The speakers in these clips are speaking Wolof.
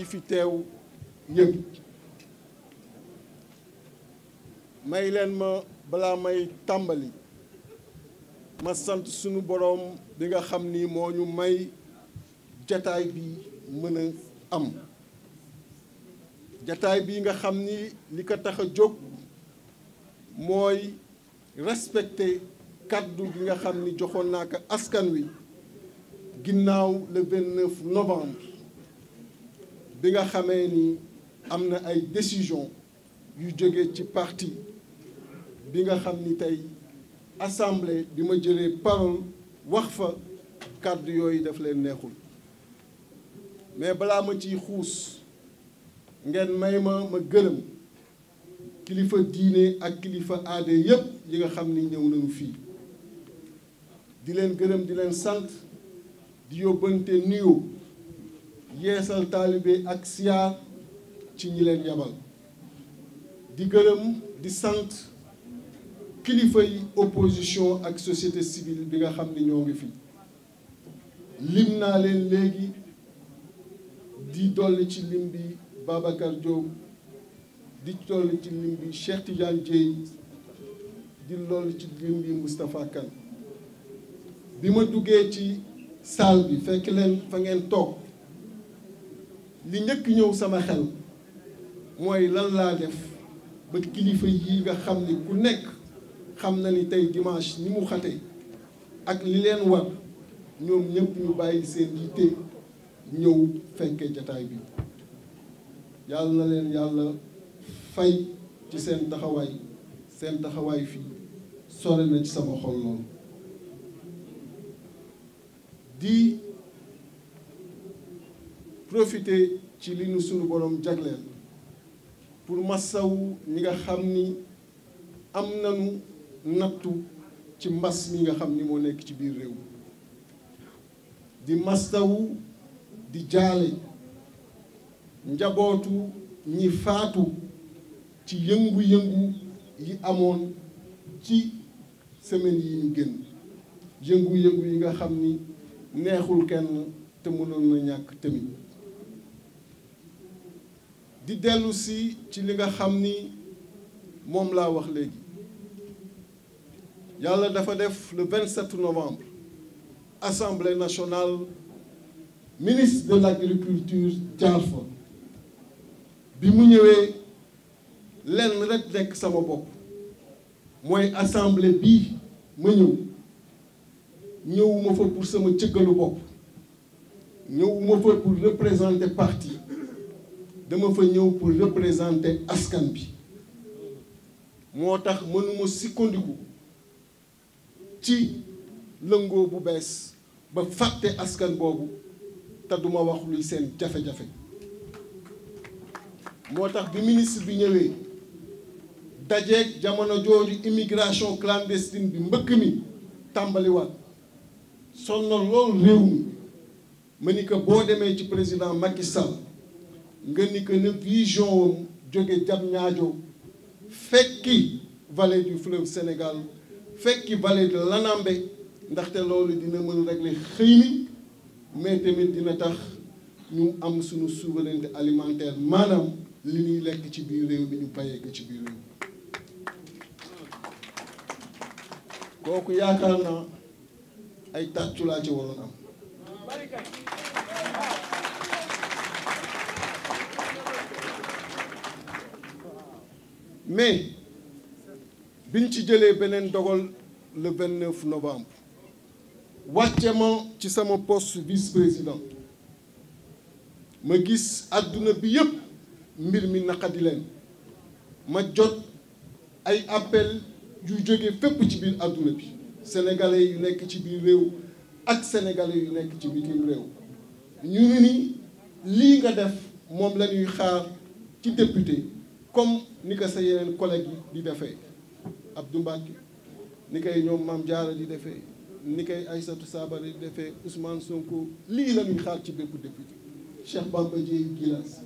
yi fi teew yëg may leen ma balaa may tàmbali ma sant sunu boroom bi nga xam ni moo ñu may jataay bi mën a am jataay bi nga xam ni li ko tax a jóg mooy respecter kàddu gi nga xam ni joxoon naa ko askan wi ginnaaw le 29 novembre bi nga xamee ni am na ay décision yu jóge ci parti bi nga xam ni tey assemblée bi ma jëlee parole wax fa kàddu yooyu daf leen neexul mais balaa ma ciy xuus ngeen may ma ma gërëm kilifa diine ak kilifa aade yépp yi nga xam ni ñëw nañu fii di leen gërëm di leen sant di yóbbante nuyoo yeesal taalibe ak siyaar ci ñi leen yabal di gërëm di sant kilifa yi opposition ak société civile bi nga xam ni ñoo ngi fi lim naa leen léegi di dolli ci lim bi babakar Diop di dolli ci lim bi Cheikh Tidiane Dieye di lool ci lim bi Moustapha Kane bi ma duggee ci salle bi fekk leen fa ngeen toog li njëkk ñëw sama xel mooy lan laa def ba kilifa yi nga xam ni ku nekk xam na ni tey dimanche ni mu xate ak li leen war ñoom ñëpp ñu bàyyi seen yitte ñëw fekke jataay bi yàlla na leen yàlla fay ci seen taxawaay seen taxawaay fii sore na ci sama xol lool di profiter ci li nu sunu borom jagleel pour masawu ñi nga xam ni am nañu nattu ci mbas mi nga xam ni moo nekk ci biir réew di masawu di jaale njabootu ñi faatu ci yëngu-yëngu yi amoon ci semaine yi ñu génn yëngu-yëngu yi nga xam ni neexul kenn te mënoon na ñàkk tamit di dellu ci li nga xam ni moom laa wax léegi yàlla dafa def le 27 novembre assemblée nationale ministre de l'agriculture jaar fa bi mu ñëwee lenn rek nekk sama bopp mooy assemblée bii ma ñëw ñëwuma fa pour sama cëggalu bopp ñëwuma fa pour représenter parti dama fa ñëw pour représenter askan bi moo tax mënuma sukkandiku ci lëngoo bu bees ba fàtte askan boobu te duma wax luy seen jafe-jafe moo tax bi ministre bi ñëwee dajeeg jamono jooju immigration clandestine bi mbëkk mi tàmbaliwaat sonn loolu réew mi ma ni que boo demee ci président Macky nga ni que ne vision wam jóge jam ñaajo fekki vallée du fleuve Sénégal fekki vallée de l'Anambé ndaxte loolu dina mën a régler xëy mi mais tamit dina tax ñu am sunu souveraineté alimentaire maanaam li ñuy lekk ci biir réew bi ñu bàyyee ci biir réew kooku yaakaar naa ay tàccu laa ci waroon am mais biñ ci jëlee beneen dogal le 29 novembre wàcce ma ci sama poste vice-président ma gis àdduna bi yëpp mbir mi naqadi leen ma jot ay appel yu jóge fépp ci biir àdduna bi sénégalais yu nekk ci biir réew ak sénégalais yu nekk ci bitim réew ñu ni lii nga def moom la ñuy xaar ci député comme ni ko sa yeneen collègue yi di defee Abdou Mbacke ni koy ñoom maam Diarra di defee ni koy Aïssatou Sabari di defee Ousmane Sonko lii la ñuy xaar ci bépp député Cheikh Bamba Dièye Gilas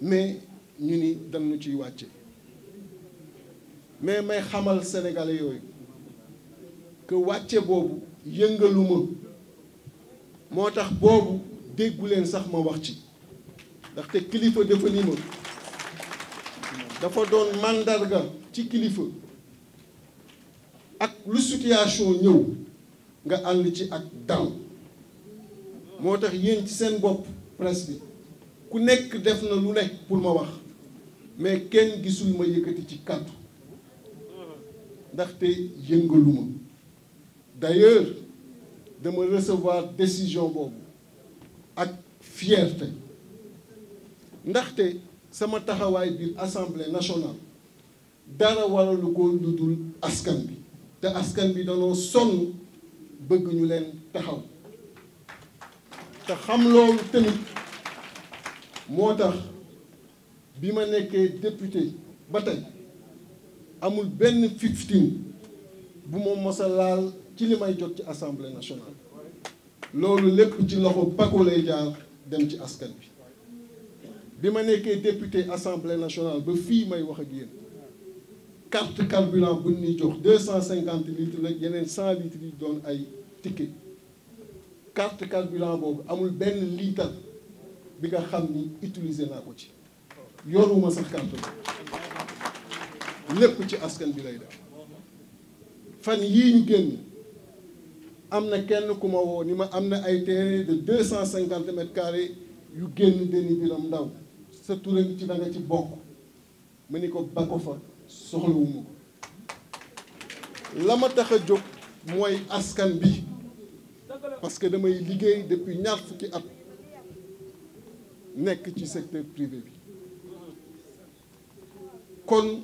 mais ñu ni dañu ci wàcce mais may xamal sénégalais yooyu que wàcce boobu yëngaluma moo tax boobu déggu leen sax ma wax ci ndaxte kilifa dafa ni ma dafa doon màndarga ci kilifa ak lu situation ñëw nga àll ci ak dal moo tax yéen ci seen bopp presse bi ku nekk def na lu nekk pour ma wax mais kenn gisul ma yëkkati ci kàddu ndaxte yëngaluma d'ailleurs dama recevoir décision boobu ak fierté ndaxte sama taxawaay biir assemblée nationale dara waralu ko lu dul askan bi te askan bi danoo sonn bëgg ñu leen taxaw te xam loolu tamit moo tax bi ma nekkee député ba tey amul benn fifteen bu ma mosa laal ci li may jot ci assemblée nationale loolu lépp ci loxo Paco lay jaar dem ci askan bi bi ma nekkee député assemblée nationale ba fii may wax a yéen carte carburant bu ñuy jox deux cent cinquante litres la yeneen cent litres yi doon ay ticket carte carburant boobu amul benn litre bi nga xam ni utiliser naa ko ci yoonuma sax carte bi lépp ci askan bi lay def fan yii ñu génn am na kenn ku ma woo ni ma am na ay terrain de deux cent cinquante mètres carrés yu génn deni biram ndaw sa tura ngi ci danga nga ci bokk ma ni ko ba ko fa soxlawuma ko la ma tax a jóg mooy askan bi parce que damay liggéey depuis ñaar fukki ab nekk ci secteur privé bi kon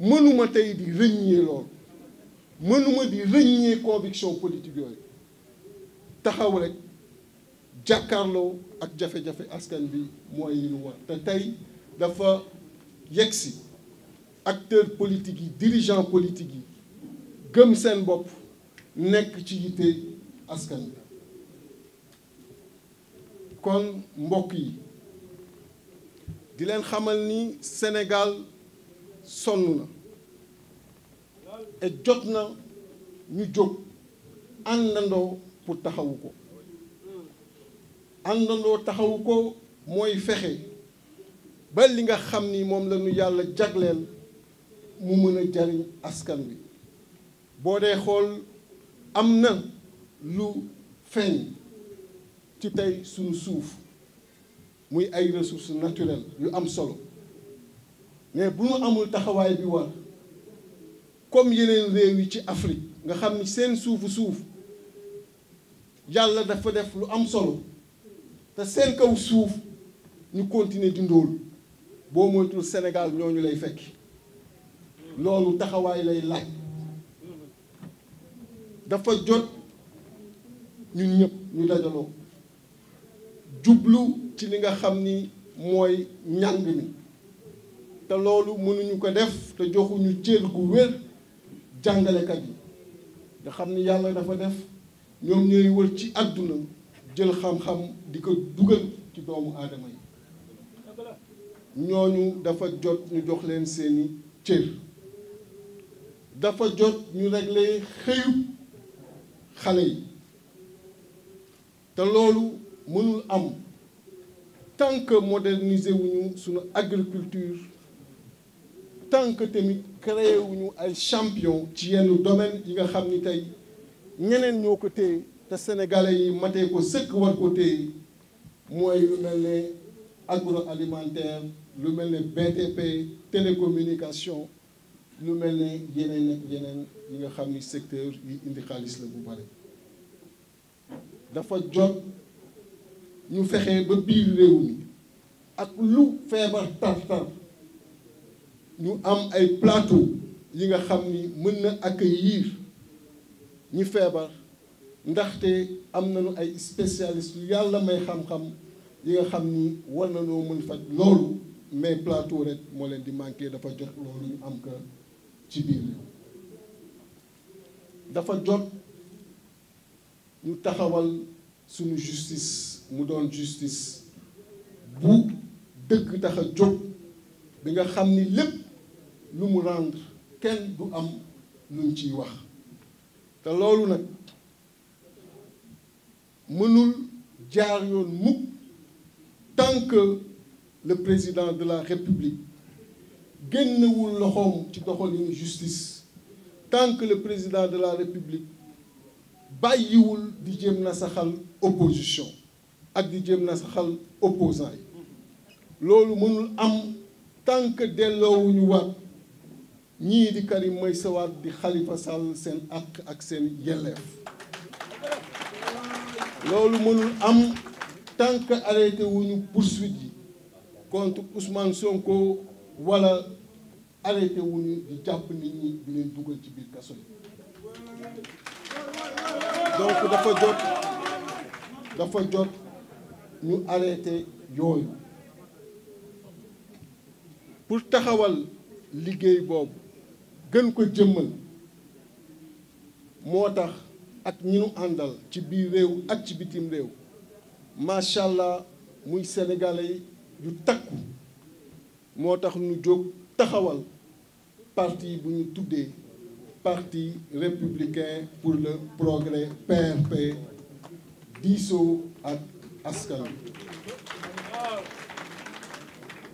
mënuma tey di rëññee loolu mënuma di rëññee conviction politique yooyu taxaw rek jàkkaarloo ak jafe-jafe askan bi mooy yi ñu war te tey dafa yegg si acteurs politiques yi dirigeants politiques yi gëm seen bopp nekk ci yitte askan bi kon mbokk yi di leen xamal ni Sénégal sonn na et jot na ñu jóg àndandoo pour taxawu ko àndandoo taxawu ko mooy fexe ba li nga xam ni moom la ñu yàlla jagleel mu mën a jariñ askan wi boo dee xool am na lu feeñ ci tey suñu suuf muy ay ressources naturelles yu am solo mais bu ñu amul taxawaay bi war comme yeneen réew yi ci Afrique nga xam ni seen suufu suuf yàlla dafa def lu am solo te seen kaw suuf ñu continuer di ndóol boo moytul Sénégal ñooñu lay fekk loolu taxawaay lay laaj dafa jot ñu ñëpp ñu dajaloo jublu ci li nga xam ni mooy njàng mi te loolu mënuñu ko def te joxuñu cër gu wér jàngalekat yi nga xam ni yàlla dafa def ñoom ñooy wër ci àdduna jël xam-xam di ko dugal ci doomu aadama yi ñooñu dafa jot ñu jox leen seeni cër dafa jot ñu régler xëyu xale yi te loolu mënul am tant que moderniser wuñu sunu agriculture tant que tamit créé wuñu ay champion ci yenn domaine yi nga xam ni tey ñeneen ñoo ko téye te sénégalais yi matee ko sëkk war ko téye mooy lu mel ne alimentaire lu mel ne BTP télécommunication lu mel ne yeneen ak yeneen yi nga xam ni secteur yi indi xaalis la bu bari dafa jot ñu fexe ba biir réew mi ak lu feebar tar-tar ñu am ay plateau yi nga xam ni mën na ak accueillir ñi feebar ndaxte am nañu ay spécialiste yu yàlla may xam-xam yi nga xam ni war nañoo mën faj loolu mais plateau rek moo leen di manqué dafa jot loolu ñu am ko ci biir réew dafa jot ñu taxawal suñu justice mu doon justice bu dëgg tax a bi nga xam ni lépp lu mu rendre kenn du am luñ ciy wax te loolu nag mënul jaar yoon mukk tant que président de la république génnewul loxoom ci doxalinu justice tant que président de la république bàyyiwul di jéem na saxal opposition ak di jëm na saxal opposant yi loolu mënul am tant que delloowuñu waat ñii di Karim Meïssa Wade di Khalifa Sall seen àq ak seen yelleef loolu mënul am tant que arrêté wuñu poursuite yi contre Ousmane Sonko wala arrêté wuñu di jàpp nit ñi di leen dugal ci biir kaso yi donc dafa jot dafa jot ñu arrêté yooyu pour taxawal liggéey boobu gën ko jëmmal moo tax ak ñi àndal ci biir réew ak ci bitim réew macha allah muy sénégalais yu takku moo tax nu jóg taxawal parti bu ñu tuddee parti républicain pour le progrès PRP diisoo ak askan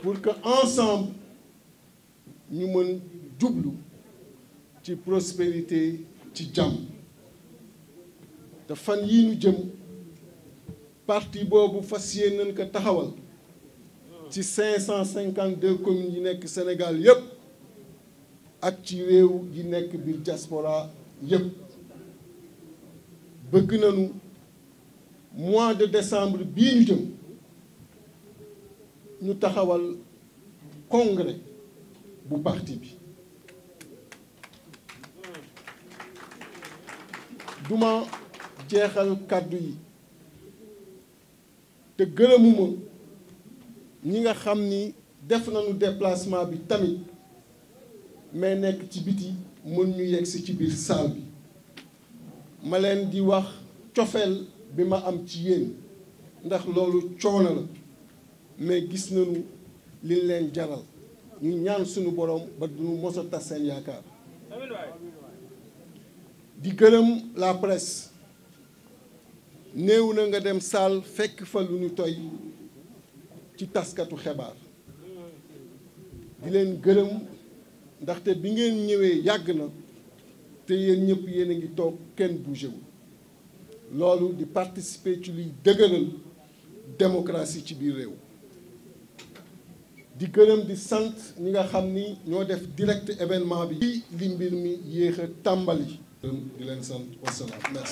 pour que ensemble ñu mën jublu ci prospérité ci jàmm te fan yii ñu jëm parti boobu fas yéene nañ ko taxawal ci cinquante 552 communes yi nekk Sénégal yëpp ak ci réew yi nekk biir diaspora yëpp bëgg nañu mois de décembre bii ñu jëm ñu taxawal congrès bu parti bi duma jeexal kàddu yi te gërëmuma ñi nga xam ni def nañu déplacement bi tamit mais nekk ci biti mën ñu yegsi ci biir salle bi ma leen di wax cofeel bi ma am ci yéen ndax loolu coono la mais gis nañu li leen jaral ñu ñaan sunu boroom ba duñu mos a tas seen yaakaar di gërëm la presse néew na nga dem saal fekk fa lu ñu toy ci taskatu xebaar di leen gërëm ndaxte bi ngeen ñëwee yàgg na te yéen ñëpp yéen a ngi toog kenn bougé wu loolu di participer ci luy dëgëral démocratie ci biir réew di gërëm di sant ñi nga xam ni ñoo def direct événement bi li mbir mi yéex tàmbali di leen sant wasalaam